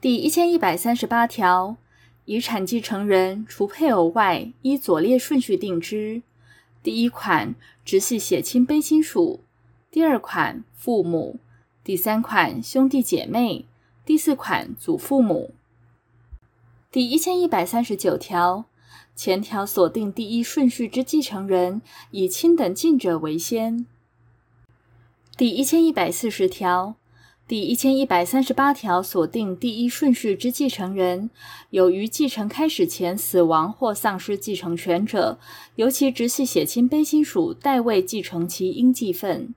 第一千一百三十八條，遺產繼承人除配偶外，依左列順序定之：第一款，直系血親卑親屬；第二款，父母；第三款，兄弟姐妹；第四款，祖父母。第一千一百三十九條，前條所定第一順序之繼承人，以親等近者為先。第一千一百四十條。第一千一百三十八條，所定第一順序之繼承人，有於繼承開始前死亡或喪失繼承權者，由其直系血親卑親屬代位繼承其應繼分。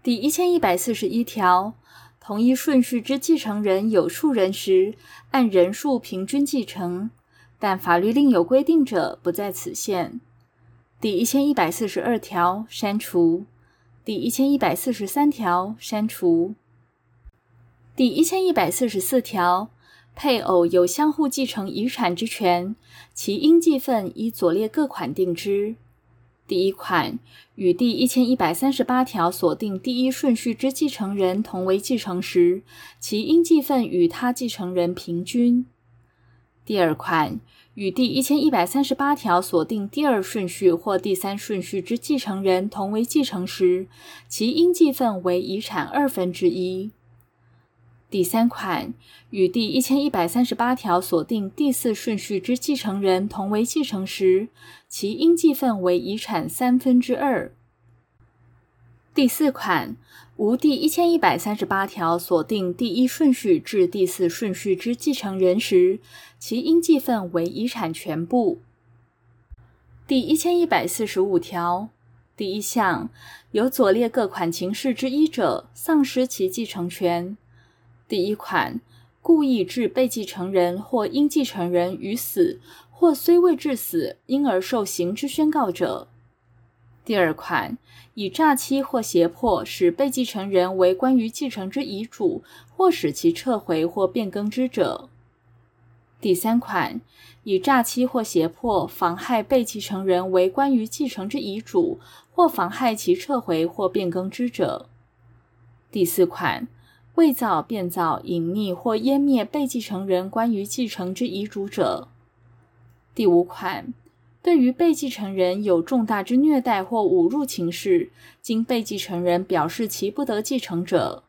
第一千一百四十一條，同一順序之繼承人有數人時，按人數平均繼承，但法律另有規定者不在此限。第一千一百四十二條，刪除。第一千一百四十三條，刪除。第一千一百四十四條，配偶有相互繼承遺產之權，其應繼分依左列各款定之。第一款，與第一千一百三十八條所定第一順序之繼承人同為繼承時，其應繼分與他繼承人平均。第二款，與第一千一百三十八條所定第二順序或第三順序之繼承人同為繼承時，其應繼分為遺產二分之一。第三款，與第一千一百三十八條所定第四順序之繼承人同為繼承時，其應繼分為遺產三分之二。第四款，無第一千一百三十八條所定第一順序至第四順序之繼承人時，其應繼分為遺產全部。第一千一百四十五條第一項，有左列各款情事之一者，喪失其繼承權。第一款，故意致被繼承人或應繼承人於死，或雖未致死，因而受刑之宣告者。第二款，以詐欺或脅迫使被繼承人為關於繼承之遺囑，或使其撤回或變更之者；第三款，以詐欺或脅迫妨害被繼承人為關於繼承之遺囑，或妨害其撤回或變更之者；第四款，偽造、變造、隱匿或湮滅被繼承人關於繼承之遺囑者；第五款。對於被繼承人有重大之虐待或侮辱情事，經被繼承人表示其不得繼承者。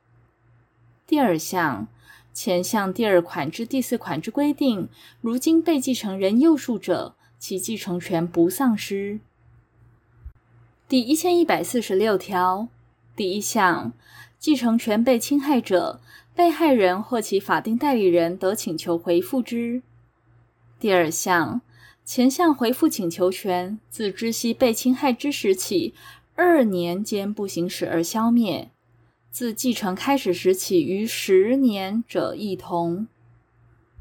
第二項，前項第二款至第四款之規定，如經被繼承人宥恕者，其繼承權不喪失。第一千一百四十六條第一項，繼承權被侵害者，被害人或其法定代理人得請求回復之。第二項。前項回復請求權，自知悉被侵害之時起，二年間不行使而消滅；自繼承開始時起逾十年者亦同。